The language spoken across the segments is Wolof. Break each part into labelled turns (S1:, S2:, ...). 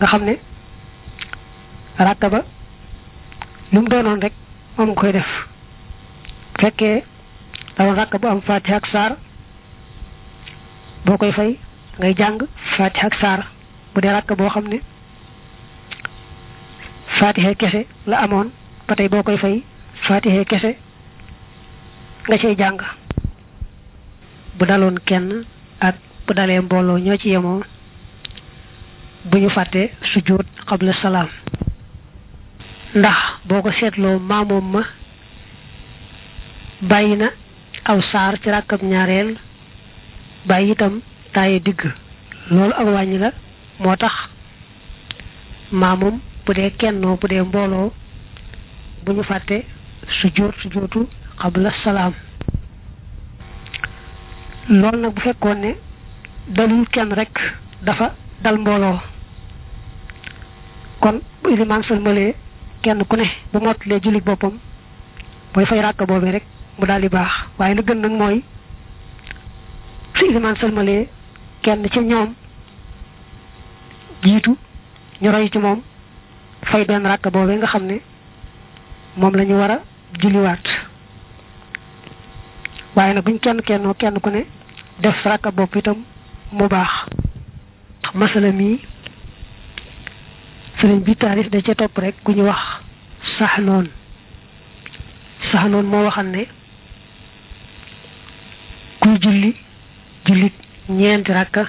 S1: nga xam ne rakka ba lu mu doonoon rek moom nga koy def fekkee dama rakka bu am fatiha ak saar boo koy fay ngay jàng fatiha ak saar bu dee rakka boo xam ne fatiha kese la amoon ba boo koy fay fatiha kese nga cay jàng bu daloon kenn ak bu dalee mbooloo ñoo ci yemoo bu ñu fàttee sujjóot xabla salaam ndax boo ko seetloo maamoom ma bàyyi na aw saar ci ràkkab ñaareel bàyyi itam taaye digg loolu ak wàññi la moo tax maamoom bu dee kennoo bu dee mbooloo bu ñu fàttee sujjóot sujjóotu xabla salaam loolu nag bu fekkoon ne dalul kenn rekk dafa dal mbooloo kon bu ilimaan sëlmalee kenn ku ne bu mottalee jullit boppam booy fay ràkk boobee rek mu daal di baax waaye la gën nag mooy su ilimaan sëlmalee kenn ci ñoom jiitu ñu roy ci moom fay benn ràkk boobee nga xam ne moom lañu ñu war a julliwaat waaye nag buñ kenn kennoo kenn ku ne def ràkk bopp itam mu baax masala mi sëriñ bi taarif da ca topp rekk ku ñu wax saxnoon saxnoon moo waxal ne kuy julli jullit ñeenti ràkka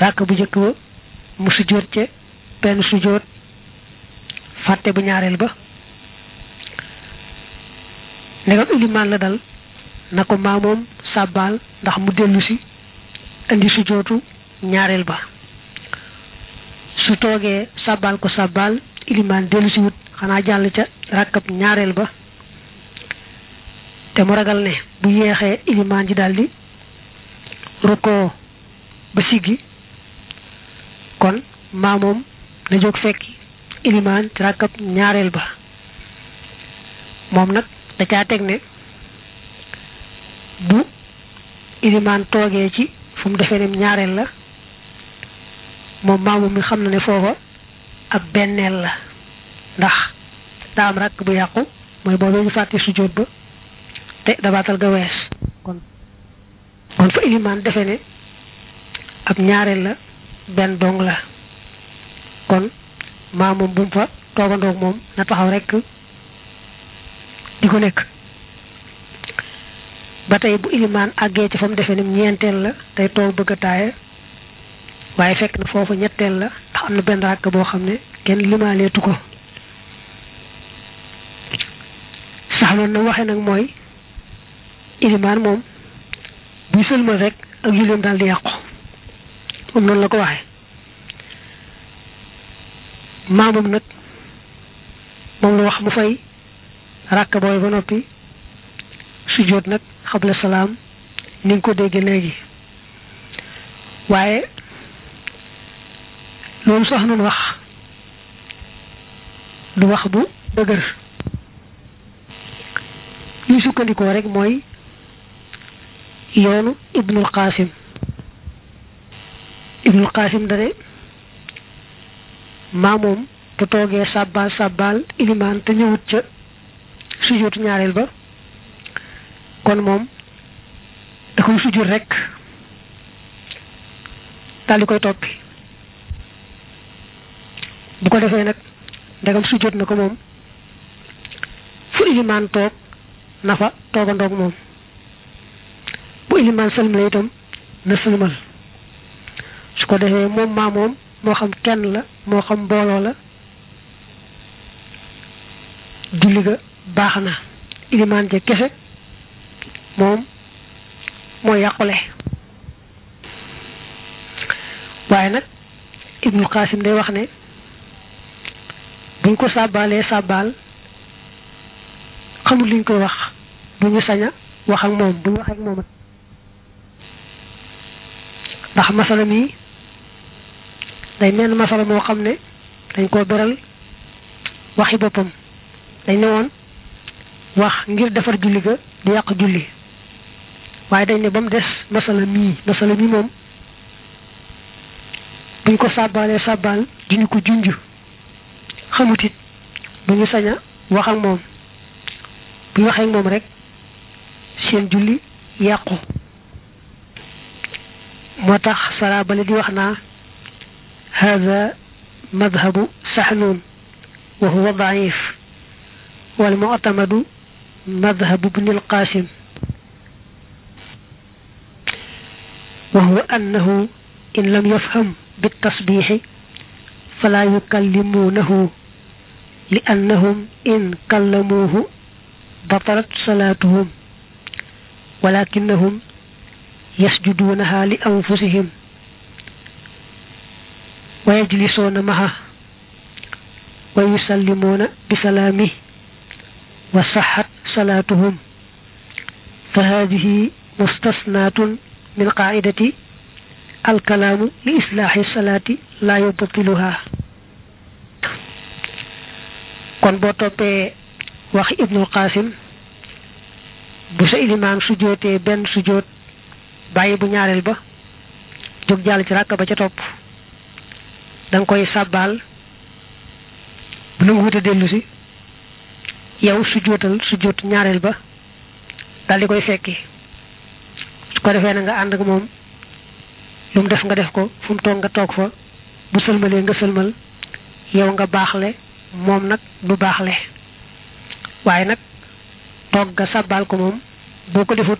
S1: ràkka bu njëkk ba mu sujjóot ca benn sujjóot fàtte bu ñaareel ba ndegam ilimaan la dal na ko maamoom sàbbaal ndax mu dellu si indi sujjóotu ñaareel ba su toogee sàbbaal ko sàbbaal ilimaan dellu si wut xanaa jàll ca ràkkab ñaareel ba te mu ragal ne bu yeexee ilimaan ji daldi rukkoo ba siggi kon maamoom na jóg fekki ilimaan ci ràkkab ñaareel ba moom nag da caa teg ne bu ilimaan toogee ci fu mu defee ne ñaareel la moom maamu mi xam na ne foofa ak benneel la ndax daa am rakk bu yàqu mooy boobu ñu fàtte sujjóot ba te dabaatal ga wees kon kon fa ilimaan defe ne ab ñaareel la benn dong la kon maamum bu mu fa toogandoog moom na taxaw rek di ko nekk ba tey bu ilimaan àggee ci fa mu defe ne ñeenteel la tey toog bëgg waaye fekk na foofu ñetteel la ndax am na benn ràkk boo xam ne kenn limaaleetu ko saxloon na waxe nag mooy ilimaan moom buy sëlmal rekk ak julleem daal di yàqu moom noonu la ko waxe maamam nag moom la wax mu fay rakk booy ba noppi sujjóot nag xabla salaam ni ko dégg léegi waaye loolu sax nañ wax du wax bu dëgër ñuy sukkandikoo rek mooy yoonu ibnul qasim ibnul qasim dane maamoom bu toogee sàbbaal sàbbaal ilimaan te ñëwut ca sujjóotu ñaareel ba kon moom da koy sujjóot rek daal di koy toppi bu ko defee nag ndegam sujjóot na ko moom fu ilimaan toog na toogandoog moom bu ilimaan sëlmale itam na sëlmal su ko defee moom maa moo xam kenn la moo xam mbooloo la julli baax na ilimaan ja kese moom moo yàqule waaye nag Ibnul Qaasim day wax ne buñ ko sàbbaalee sàbbaal xamul liñ koy wax duñu sañ a wax ak moom buñ wax ak moom ndax masala mi day menn masala moo xam ne dañ koo beral waxi boppam dañ ne woon wax ngir defar julli ga di yàq julli waaye dañ ne ba mu des masala mii masala mii moom buñ ko sàbbaalee sàbbaal duñu ko junj xamutit bu ñu sañ a wax ak moom bu ñu waxee ak moom rek seen julli yàqu moo tax sara bale di wax naa hada madhabu saxnuun wa huwa daif wal mu'tamadu madhabu bni alqasim wa huwa annahu in lam yafham bitasbixi fala yukallimuunahu li annahum in kallamuuhu batalat salaatuhum walakinnahum yasjuduunaha li anfusihim wa yajlisuuna maha wa yusallimuuna bisalaami wa saxat salaatuhum fa haadihi mustasnaatun min qaa'idati alkalaamu li islaaxi salaati laa yubtiluha kon boo toppee wax ibnul qasim bu sa ilimaan sujootee benn sujoot bàyyi bu ñaareel ba jóg jàll ci ràkk ba ca topp danga koy sàbbaal bu nangu wut a dellu si yow sujootal sujoot ñaareel ba daal di koy fekki su ko defee na nga ànd ak moom lu mu def nga def ko fu mu toog nga toog fa bu sëlmalee nga sëlmal yow nga baax le moom nag du baaxle waaye nag toog ga sàbbaal ko moom boo ko defut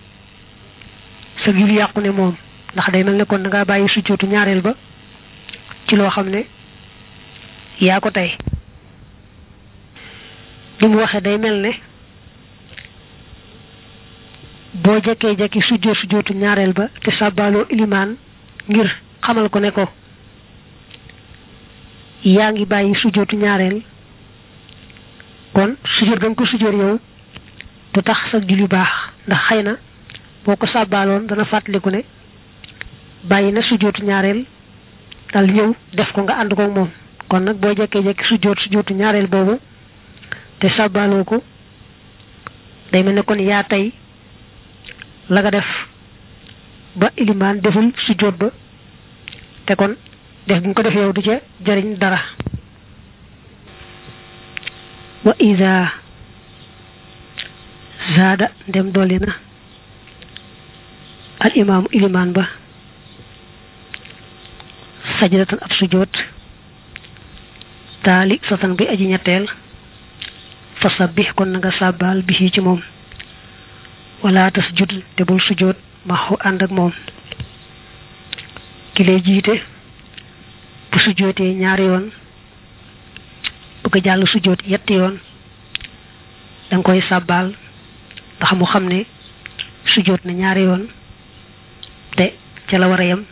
S1: sa jul yàqu ne moom ndax day mel ne kon da ngaa bàyyi sujjootu ñaareel ba ci loo xam ne yaa ko tey li mu waxee day mel ne boo jekkee jekki sujjoot sujjootu ñaareel ba te sàbbaaloo ilimaan ngir xamal ko ne ko yaa ngi bàyyi sujjootu ñaareel kon sujjóot ga nga ko sujjóot yow du tax sa julli baax ndax xëy na boo ko sàbbaaloon dana fàttaliku ne bàyyi na sujjóotu ñaareel dal ñëw def ko nga ànd ko moom kon nag boo jekkee-jekki sujjóot sujjóotu ñaareel boobu te sàbbaaloo ko day mel ne kon yaa tey la ko def ba ilimaan deful sujjóot ba te kon def bu nga ko def yow du ca jariñ dara wa isa zaada ndem dolli na al imaamu ilimaan ba sajdatan ab sujoot taali satan bi aji ñetteel fa sabbih kon na nga bi ci moom walaata tasjud te bul sujoot maxu ànd ak moom ki jiite bu sujootee ñaari yoon bëgg a jàll sujjóot yetti yoon da koy sàbbaal ndax mu xam ne sujjóot na ñaari yoon te ca la war a yem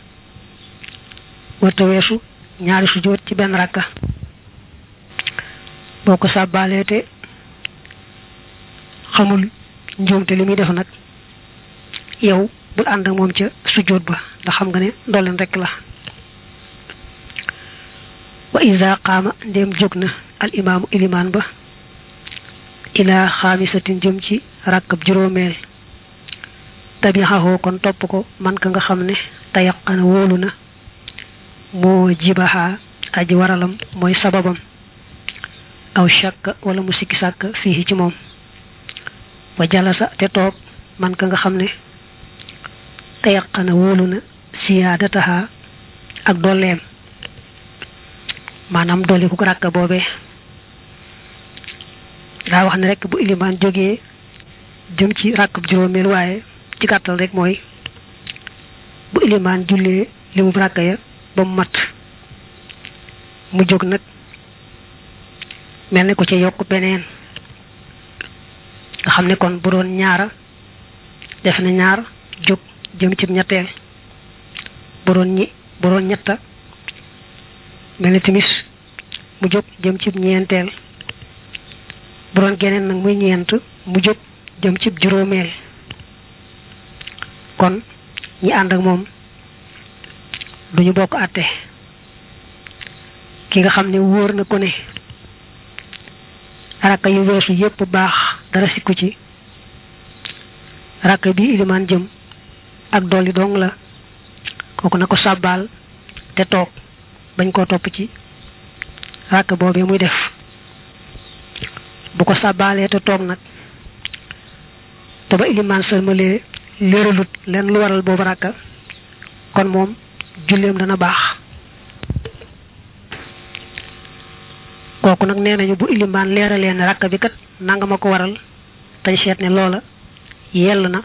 S1: warta weesu ñaari sujjóot ci benn rakka boo ko sàbbaalee te xamul njuumte li muy def nag yow bul ànd moom ca sujjóot ba ndax xam nga ne ndolleen rekk la wa iza qaama ndéem jóg na al imaamu ilimaan ba ilaa xaamisatin jëm ci ràkkab juróomeel tabixaxoo kon topp ko man ka nga xam ne tayaqana wóolu na moo jibaxaa aji waralam mooy sababam aw shakka wala mu sikki sàkk fii ci moom wa jalasa te toog man ka nga xam ne tayaqana wóolu na siyaadataha ak dolleem maanaam dolli ku ràkk boobee daa wax ne rek bu ilimaan jógee jëm ci rakk juróomeel waaye ci gàttal rek mooy bu ilimaan jullee li mu ya ba mu mat mu jóg nag mel ne ko ci yokk beneen nga xam ne kon bu doon ñaara def na ñaar jóg jëm ci ñetteel bu doon ñi bu doon ñetta mel ne timis mu jóg jëm ci ñeenteel bu geneen nag muy ñeent mu jóg jëm ci juróomee kon ñi àndak moom moom ñu bokk àtte ki nga xam ni wóor na ko ne rakka yu weesu yépp baax dara sikku ci rakka bi ilimaan jëm ak dolli dong la kooku na ko sàbbaal te toog bañ koo topp ci rakka boobee muy def bu ko sàbbaalee te toog nag te ba ilimaan sëlmalee léeralut leen lu waral boobu ràkka kon moom julleem dana baax kooku nag nee nañu bu ilimaan leeralee ne ràkka bi kat nanga ma ko waral tey seet ne loola yell na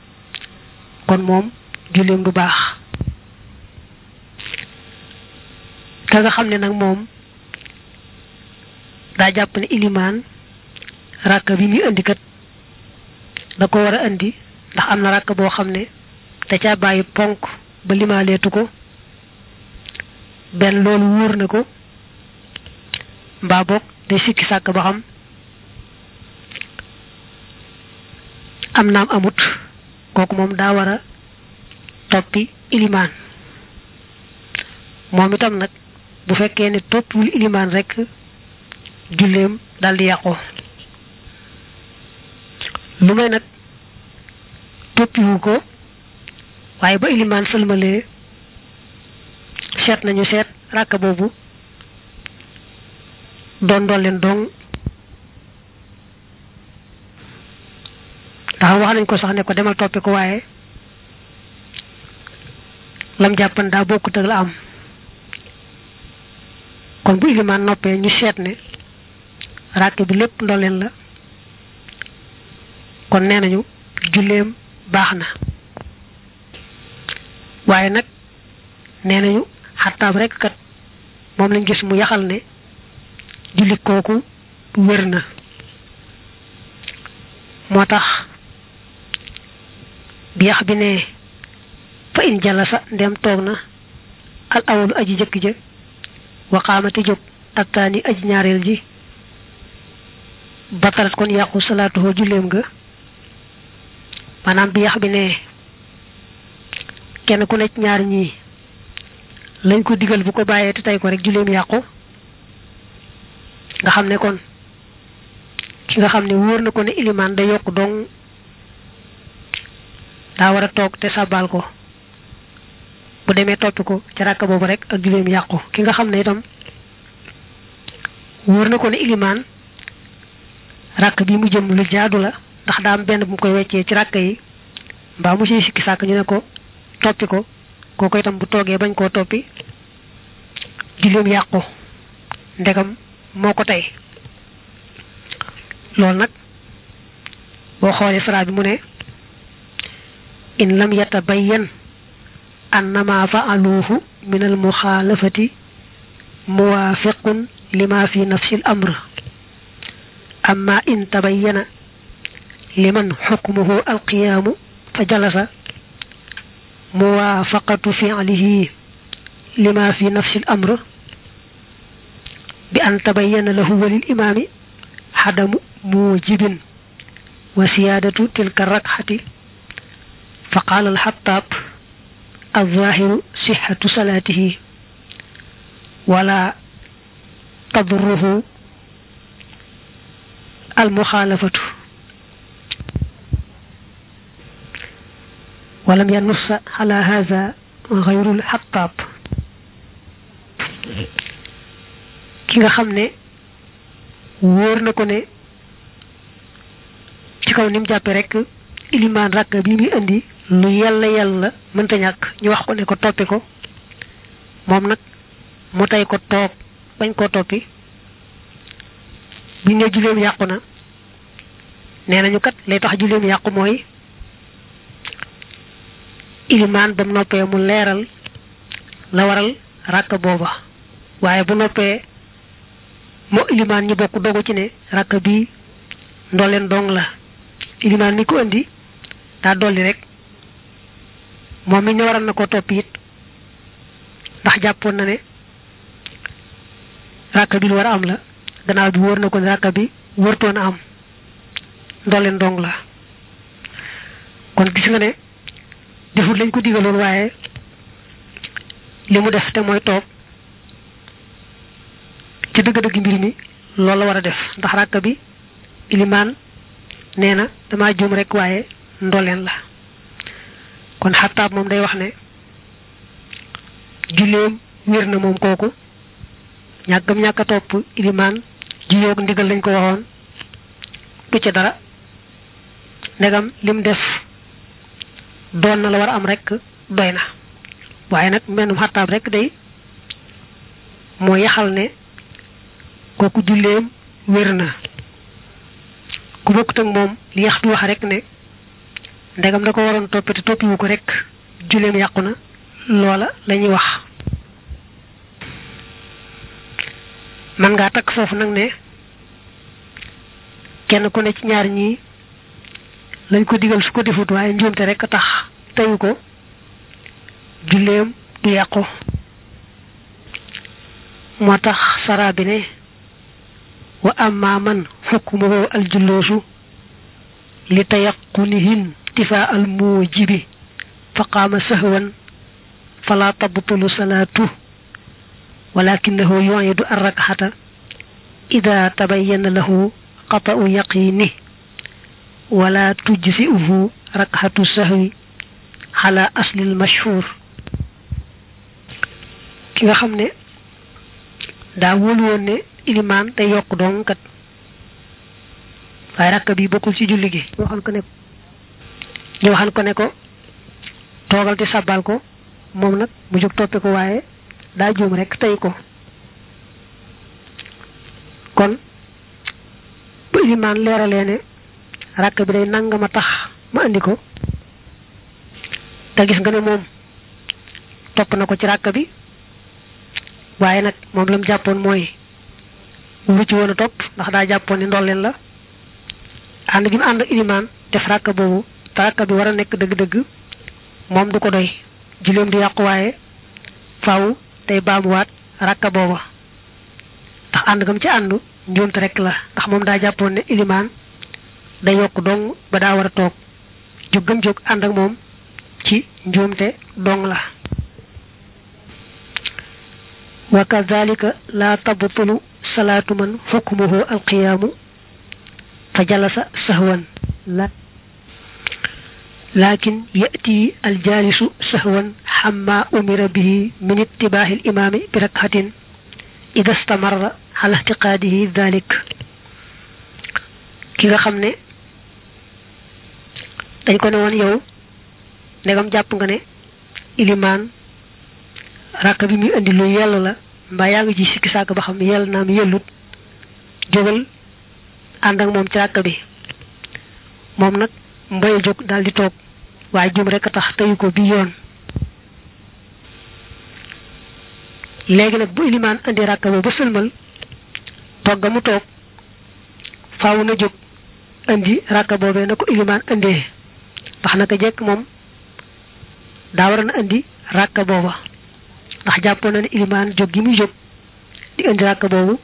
S1: kon moom julleem du baax ka nga xam ne nag moom daa jàpp ne ilimaan ràkk bi muy indi kat da ko war indi ndax am na ràkk boo xam ne da caa bàyyi ponk ba limaaleetu ko benn loolu wóor na ko mbaa boog day sikki sàkk ba xam am naam amut kooku moom daa war a toppi ilimaan moom itam nag bu fekkee ne toppul ilimaan rekk julleem daldi di yàqu lu may nag toppiwu ko waaye ba ilimaan sëlmalee seet nañu seet ràkka boobu doon doon leen dong ndax wax nañ ko sax ko demal toppi ko waaye lam jàppan daa bokkut ak la am kon bu ilimaan noppee ñu seet ne ràkk bi lépp ndolleen la kon nee nañu julleem baax na waaye nag nee nañu xartaab rek kat moom lañ gis mu yaxal ne julli kooku wér na moo tax bi yax bi ne fa in jalasa ndem toog na al awalu aji jëkk ja waxaamati jóg attaani aji ñaareel ji batalat kon yàqu salaatuhoo julleem ga maanaam bi yax bi ne kenn ku ne ci ñaar ñii lañ ko digal bu ko bàyyee te tey ko rek julleem yàqu nga xam ne kon ki nga xam ne wóor na ko ne ilimaan da yokk dong daa war a toog te ko bu demee topp ko ci ràkk boobu rek ak julleem yàqu ki xam ne itam wóor na ko ne ilimaan ràkk bi mu jëm lu jaadu la ndax daam benn bu mu koy weccee ci ràkka yi mbaa mu siy sikki sàkk ñu ne ko toppi ko kooku itam bu toogee bañ koo toppi julleem yàqu ndegam moo ko tey loolu nag boo xoolee sara bi mu ne in lam yatabayyan annama faaluuhu min al muxaalafati muwaafiqun lima fi nafsi al amr amma in tabayyana liman xukmuhu alqiyaamu fa jalasa muwaafaqatu fi'lihi lima fi nafsi al-amr bi an tabayyana lahu wa lil imaami xadamu muujibin wa siyaadatu tilka rakxati fa qaala alxataab alzaahiru sixatu salaatihi wala tadurruhu almuxaalafatu walam yanussa ala haza xayrul xataab ki nga xam ne wóor na ko ne ci kaw ni mu jàppe rek ilimaan rakk bi muy indi lu yàlla yàlla mënta ñàkk ñu wax ko ne ko toppi ko moom nag mu tey ko toog bañ koo toppi bi ne julleem yàqu na nee nañu kat lay tax julleem yàqu mooy ilimaan ba mu noppee mu leeral la waral ràkk booba waaye bu noppee moo ilimaan ñi bokk dogu ci ne ràkk bi ndooleen dong la ilimaan ni ko indi daa dolli rek moom mi ne waral na ko topp it ndax jàppoon na ne ràkk bi lu war a am la gannaaw bi wóor na ko ne ràkk bi wërtoon a am ndooleen dong la kon gis nga ne defut lañ ko digaloon waaye li mu def te mooy toog ci dëgg-dëgg mbir mi loolu la war a def ndax ràkk bi ilimaan nee na damaa juum rek waaye ndoleen la kon xattaab moom day wax ne julleem wér na moom kooku ñàkkam ñàkk a topp ilimaan ji yoog ndigal lañ ko waxoon du ca dara ndegam lim def doon na la war a am rek doy na waaye nag mbenn mu xattaab rek day moo yaxal ne kooku julleem wér na ku bokkut ak moom li yax bi wax rek ne ndegam da ko waroon topp te toppiwu ko rek julleem yàqu na loola lañuy wax man ngaa takk foofu nag ne kenn ku ne ci ñaar ñii lañ ko digal su ko defut waaye njuumte rek tax teyu ko julleem du yàqu moo tax saraa bi ne wa amma man xukmuhu aljuloosu li tayaqunihin tifaa al muujibi fa qaama sahwan fala tabtulu salaatu walakinahu yu'idu arrakxata ida tabayyana lahu qata'u yaqini wala tujzi'uhu rakxatu sahwi xala aslil mashhur ki nga xam ne daa wóolu woon ne ilimaan day yokk dong kat waaye rakka bi bokkul ci julli gi ñu waxal ko ne ko ne ko toogal te sabbal ko moom nag mu jóg toppe ko waaye daa juum rek tey ko kon bu ilimaan leeralee ne rakk bi day nangama tax ma andi ko te gis nga ne moom topp na ko ci rakk bi waaye nag moom la mu jàppoon mooy lu ci woon a topp ndax daa jàppoon ni leen la ànd gi mu ànd ilimaan def rakk boobu te rakk bi war a nekk dëgg-dëgg moom du ko doy julleem di yàqu waaye faaw tey baamuwaat rakk booba ndax ànd gam ci àndu njuumte rekk la ndax moom daa jàppoon ne ilimaan day yokk dong ba daa war a toog jóg gëm jóg ànd moom ci njuumte dong la wa kadalika laa tabtulu salaatu man xukmuhu alqiyaamu fa jalasa sahwan la lakin yati aljaalisu sahwan xamma umira bihi min ittibaahi alimaami bi rakhatin ida stamarra ala itiqaadihi dalik ki nga xam ne dañ ko ne woon ndegam jàpp nga ne ilimaan ràkk bi muy indi lu yell la mbaa yaa ngi ci sikki sàkk ba xam yell naam yellut jógal ànd ak moom ci ràkk bi moom nag mboy jóg daal toog waaye jum rek a tax teyu ko bi yoon léegi nag bu ilimaan indi ràkk toog ga mu toog faaw na jóg boobee na ko ilimaan indee ndax naka jekk moom daa war na indi ràkka booba ndax jàppoon na ne ilimaan jóg gi muy jóg di indi ràkka boobu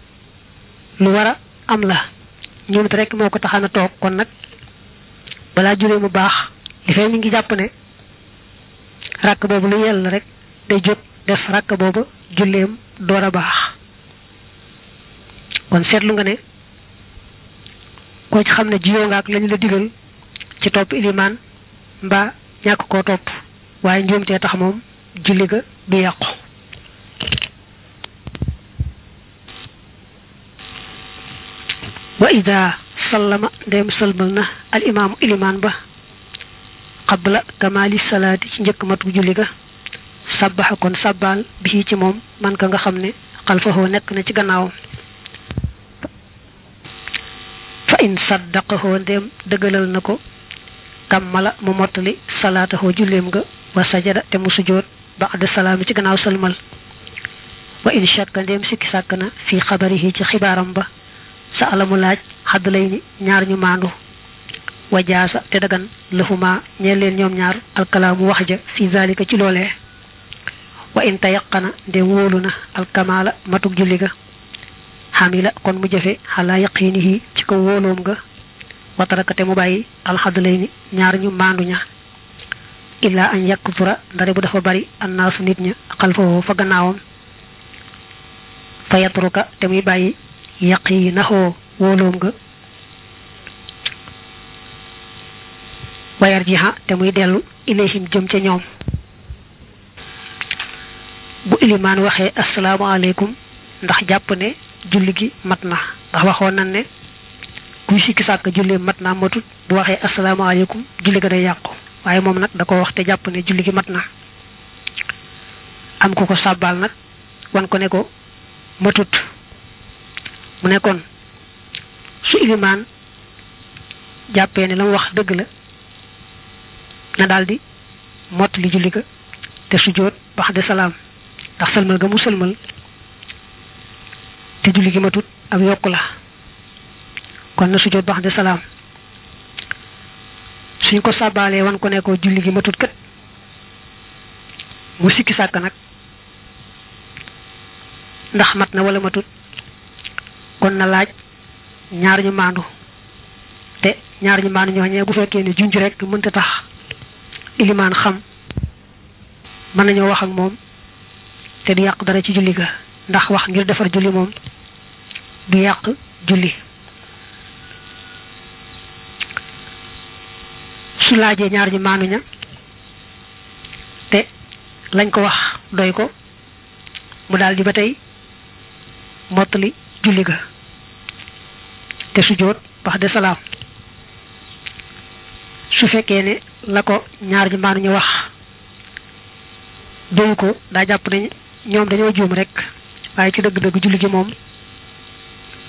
S1: lu war a am la ñoom rekk moo ko taxaan a toog kon nag balaa julee mu baax li fay mi ngi jàpp ne ràkk boobu lu yell rek day jóg def ràkk boobu julleem door a baax kon seetlu nga ne koo ci xam ne jiyoo nga ak lañu la digal ci topp ilimaan mbaa ñàkk koo topp waaye njuumtee tax moom julli ga du yàqu wa ida sallama ndem sëlmal na al imaamu ilimaan ba qabla kamaali salaati ci njëkk mat julli ga sàbbaxa kon sàbbaal bi ci moom man ka nga xam ne xalfahoo nekk na ci gannaawam fa in saddaqahoo ndem dëggalal na ko mala mu mottali salaatahu julleem nga wa sajada te mu sujjoot ba àdd salaami ci gannaaw salmal wa in shakka ndéem sikki sàkk na fii xabarihi ci xibaaram ba sa alamu laaj xadd lay ni ñaar ñu maandu wa jaasa te dagan lahuma ñeel leen ñoom ñaar alkalaamu wax ja fi zalika ci loolee wa in tayaqana ndéem wóolu na alkamaala matuk julli ga xamila kon mu jëfe xalaa yaqinihi ci ko wóoloom nga watarakate mu bàyyi alxadlayni ñaar ñu maandu ña illaa an yaktura ndare bu dafa bari annaasu nit ña xalfahu fa gannaawam fa yatruka te muy bàyyi yàq yi naxoo wóoloom nga wayar jiha te muy dellu ilayhim jëm ca ñoom bu ilimaan waxee asalaamaaleykum ndax jàpp ne julli gi mat na ndax waxoon nan kuy sikki sàkk julli mat naa matul bu waxee asalaamaaleykum julli ga day yàqu waaye moom nag da ko wax te jàpp ne julli gi mat na am ko ko sàbbaal nag wan ko ne ko matut mu nekkoon kon su ilimaan jàppee ne la mu wax dëgg la na daldi mott li julli ga te sujjóot bax de salaam ndax sëlmal ga mu sëlmal te julli gi matut ab yokku la kon na sujjóot ba'da salaam suñ ko sàbbaalee wan ko nekkoo ko julli gi matut kët mu sikki sàkk nag ndax mat na wala matut kon na laaj ñaar ñu maandu te ñaar ñu maandu ñooñee bu fekkee ne junj rek mënta tax ilimaan xam mën nañoo wax ak moom te du yàq dara ci julli ga ndax wax ngir defar julli moom du yàq julli su laajee ñaar ñu maanu ña te lañ ko wax doy ko mu daal ba tey mottali julli ga te sujjóot su fekkee ne la ko ñaar ñu ñu wax doyu ko daa jàpp ne ñoom dañoo juum rek waaye ci dëgg-dëgg julli gi moom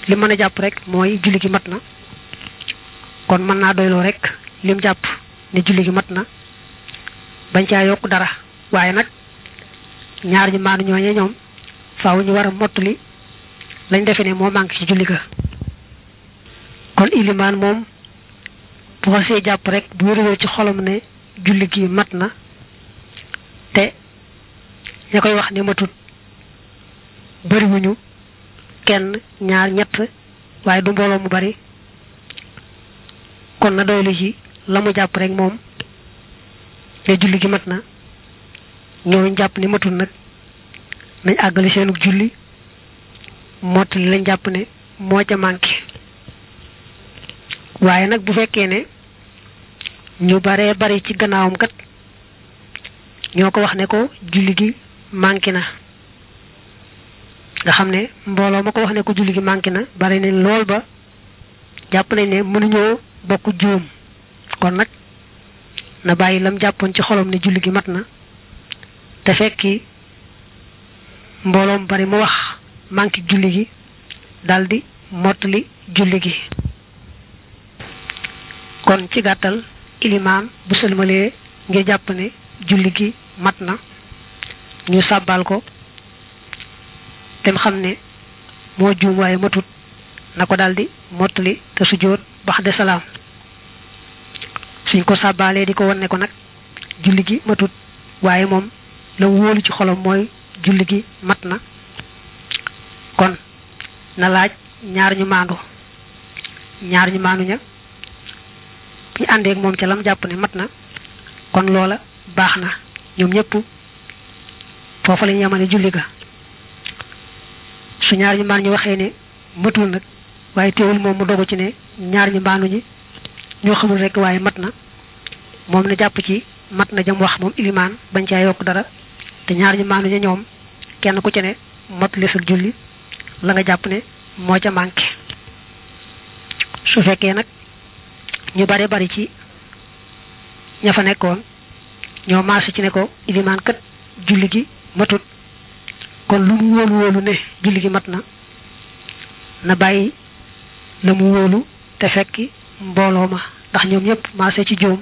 S1: li mën a jàpp rek mooy julli gi mat na kon mën naa doyloo rek lim jàpp ne julli gi mat na bañ caa yokk dara waaye nag ñaar ñu maanu ñooñee ñoom faaw ñu war a mottali lañ defe ne moo manqué ci julli ga kon ilimaan moom bu see jàpp rek bu wér ci xolam ne julli gi mat na te ña koy wax ne matut bariwuñu kenn ñaar ñett waaye du mbooloo mu bari kon na doylu ci la mu jàpp rek moom te julli gi mat na ñooñu jàpp ni matul nag nañ àggale seenug julli mottali lañ jàpp ne moo ca manqué waaye nag bu fekkee ne ñu bare bari ci gannaawam kat ñoo ko wax ne ko julli gi manqué na nga xam ne mbooloo ma ko wax ne ko julli gi manqué na bari nañ lool ba jàpp nañ ne mënuñoo bokk juum kon nag na bàyyi lam jàppoon ci xolom ne julli gi mat na te fekki mbooloom bari mu wax manki julli gi daldi mottali julli gi kon ci gàttal ilimaan bu sëlmalee ngir jàpp ne julli gi mat na ñu sàbbaal ko te xam ne moo juum waaye matut na ko daldi mottali te sujjóot bax de salaam suñ ko sàbbaalee di ko wan ne ko nag julli gi matut waaye moom la wóolu ci xolam mooy julli gi mat na kon na laaj ñaar ñu maandu ñaar ñu maandu ña ñu àndeek moom ca lam jàpp ne mat na kon loola baax na ñoom ñëpp foofa la ñu yemale julli ga su ñaar ñu maan ñu waxee ne matul nag waaye teewul moom mu dogu ci ne ñaar ñu maandu ñi ñoo xamul rek waaye mat na moom na jàpp ci mat na jam wax moom ilimaan bañ caa yokk dara te ñaar ñu maanu ña ñoom kenn ku ci ne mat li sul julli la nga jàpp ne moo ca manqué su fekkee nag ñu bare bari ci ña fa nekkoon ñoo maase ci ne ko ilimaan julli gi matut kon lu mu wóolu wóolu ne julli gi mat na na bàyyi la mu wóolu te fekki mbooloo ma ndax ñoom ñëpp maase ci jóom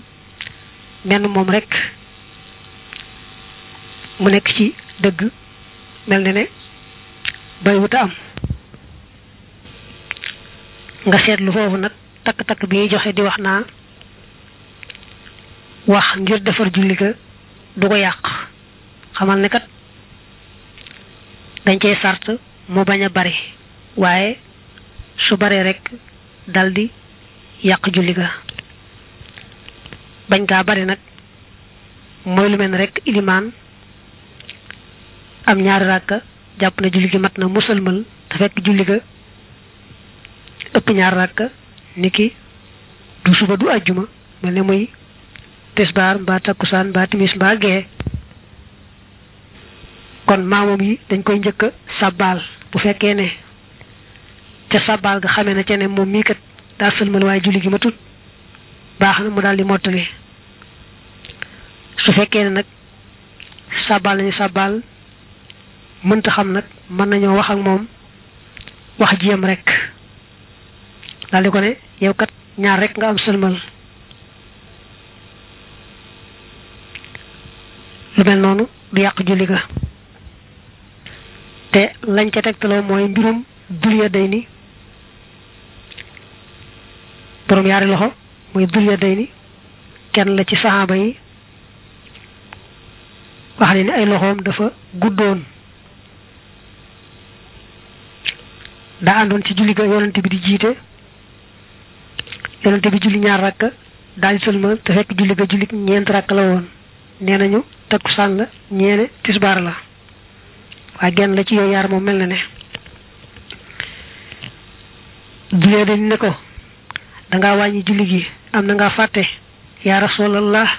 S1: menn moom rek mu nekk ci dëgg mel na ne bay wuta am nga seetlu foofu nag takk-takk bi ñuy joxe di wax naa wax ngir defar julli ga du ko yàq xamal ne kat dañ cey sart mu bañ a bari waaye su baree rekk daldi yàq julli ga bañ gaa bari nag mooy lu mel ne rek ilimaan am ñaari ràkk jàpp na julli gi mat na musalmal te fekk julli ga ëpp ñaari ràkk niki du suba du àjjuma mel ne muy tisbaar mbaa takkusaan mbaa timis mbaa gee kon maamam yi dañ koy njëkk a sàbbaal bu fekkee ne ca sàbbaal ga xamee na ca ne moom mii kat daa sëlmal waaye julli gi matut baax na mu daal di mottali su fekkee nag sàbbaal nañu sàbbaal mënta xam nag mën nañoo wax ak moom wax jiyam rek daal di ko ne yow kat ñaar rek nga am sëlmal lu mel noonu du yàq julli ga te lañ ca tegtaloo mooy mbirum dul ya day ni borom ñaari loxo muy dul ya day ni kenn la ci saxaaba yi wax ne ay loxoom dafa guddoon daa àndoon ci julli ga yonante bi di jiite yonante bi julli ñaar rakk daal di sëlmal te fekk julli ga julli ñeent rakk la woon nee nañu takkusaan la ñeene tisbaar la waaye genn la ci yooyu yar moom mel na ne dulee dañ ne ko dangaa wàññi julli gi am na nga fàtte yaa rasulallah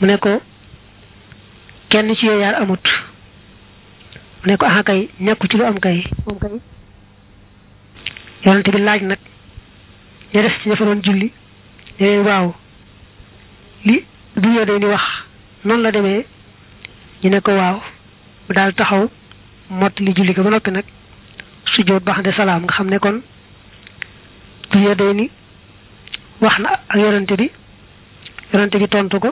S1: mu ne ko kenn ci yooyu yaar amut mu ne ko aha ñàkku ci lu am kay moom kay laaj nag ña des ci dafa doon julli ne leen waaw li duñoo day ni wax noonu la demee ñu ne ko waaw mu daal taxaw mott li julli ko ba noppi nag sujjóot baax de salaam nga xam ne kon du yaday ni wax na ak yonante bi yonante bi tontu ko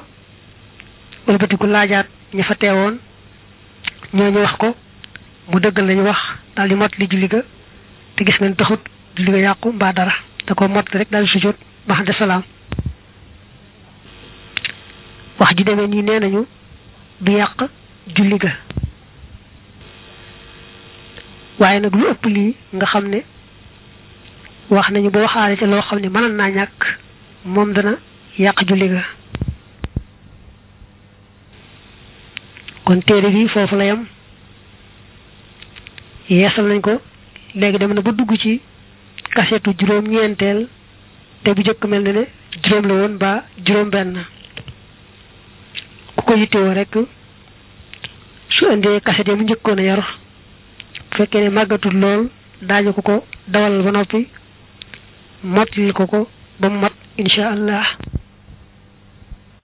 S1: wëlbatiku laajaat ña fa teewoon ñooñu wax ko mu dëgg lañu wax daal di mot li julli ga te gis nañ taxut julli ga yàqu mbaa dara te ko mot rek dal di sujjóot ba xam de salaam wax ji demee nii nee nañu du yàq julli ga waaye nag lu ëpp lii nga xam ne wax nañu ba waxaale ca loo xam ne mënoon naa ñàkk moom dana yàq julli ga kon téere bi foofu la yam yeesal nañ ko léegi dem na ba dugg ci kasetu juróom-ñeenteel te bu jëkk mel ne ne juróom la woon ba juróom-benn ku ko yittewoo rek su indee kaset yi mu njëkkoon a yor bu fekkee ne màggatul lool daañu ko ko dawal ba noppi. mottalil ko ko ba mu mat incha allah